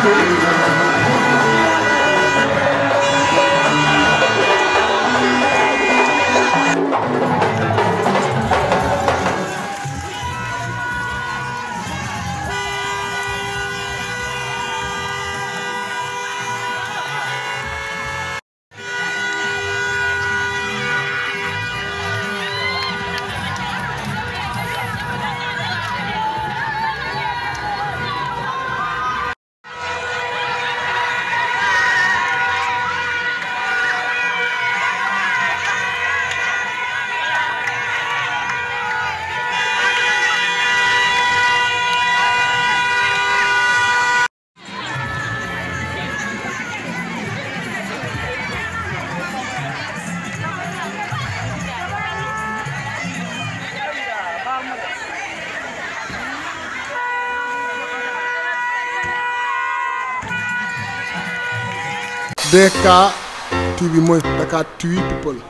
Thank you. DK TV mooy Dakar TV people